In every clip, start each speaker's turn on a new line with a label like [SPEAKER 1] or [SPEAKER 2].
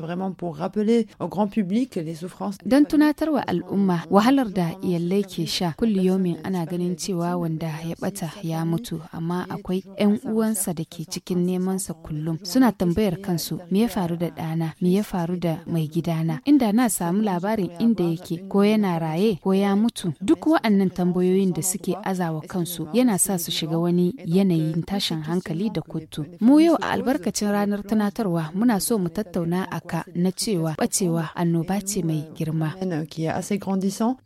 [SPEAKER 1] c'est vraiment pour rappeler au grand public les souffrances. Don tunatarwa al'umma wahalar da iyalai ke sha kulli yomin ana ganin cewa wanda ya bata ya mutu amma akwai 'yan uwansa da ke cikin sa kullum suna tambayar kansu me ya faru da dana me ya faru da mai gidana inda na samu labarin inda yake ko yana raye ko ya mutu duk wa'annan tambayoyin da suke azawa kansu yana sa su shiga wani yanayin tashin hankali da kuttu mu yau a albarkacin ranar tunatarwa muna so mu tattauna a haka na cewa ɓacewa annoba ce mai girma.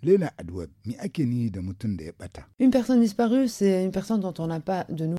[SPEAKER 1] Lena mi ake ni da mutum da ya bata?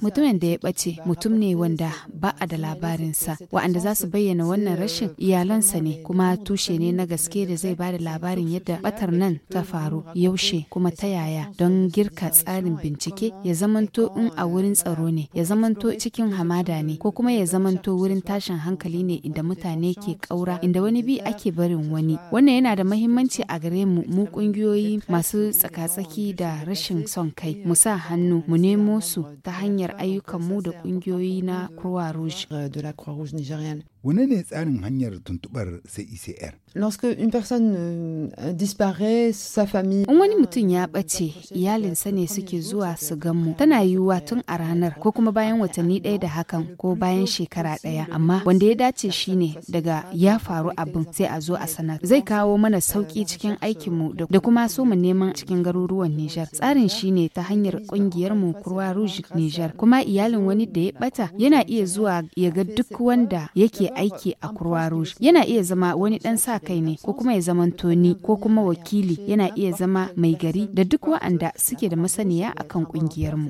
[SPEAKER 1] Mutumin da ya bace mutum ne wanda ba a da labarinsa, wa'anda za su bayyana wannan rashin iyalansa ne kuma tushe ne na gaske da zai ba da labarin yadda ɓatar nan ta faru yaushe kuma ta yaya don girka tsarin bincike ya zamanto in a wurin tsaro ne, ya zamanto cikin hamada ne ko kuma ya zamanto wurin tashin hankali ne inda mutane ke aura inda wani bi ake barin wani wannan yana da mahimmanci a gare mu mu kungiyoyi masu tsakatsaki da rashin son kai mu sa hannu mu nemo su ta hanyar ayyukan mu da kungiyoyi na Croix Rouge. Euh, Wane ne tsarin hanyar tuntubar CICR? E Lorsque une personne euh, disparaît, sa famille. In wani mutum ya ɓace, iyalinsa ne suke zuwa su gan mu. Tana yiwuwa tun a ranar ko kuma bayan watanni ɗaya da hakan ko bayan shekara ɗaya. Amma wanda ya dace shi ne daga ya faru abin sai a zo a sanar. Zai kawo mana sauki cikin aikinmu da kuma so mu neman cikin garuruwan Nijar. Tsarin shi ne ta hanyar ƙungiyar mu Kurwa Rouge Nijar. Kuma iyalin wani da ya ɓata yana iya zuwa ya ga duk wanda yake aiki a Croix yana iya zama wani ɗan sa kai ne ko kuma ya zama toni ko kuma wakili yana iya zama mai gari da duk wa'anda suke da masaniya akan kungiyar mu.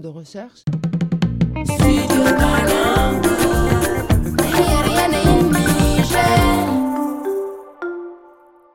[SPEAKER 1] de recherche.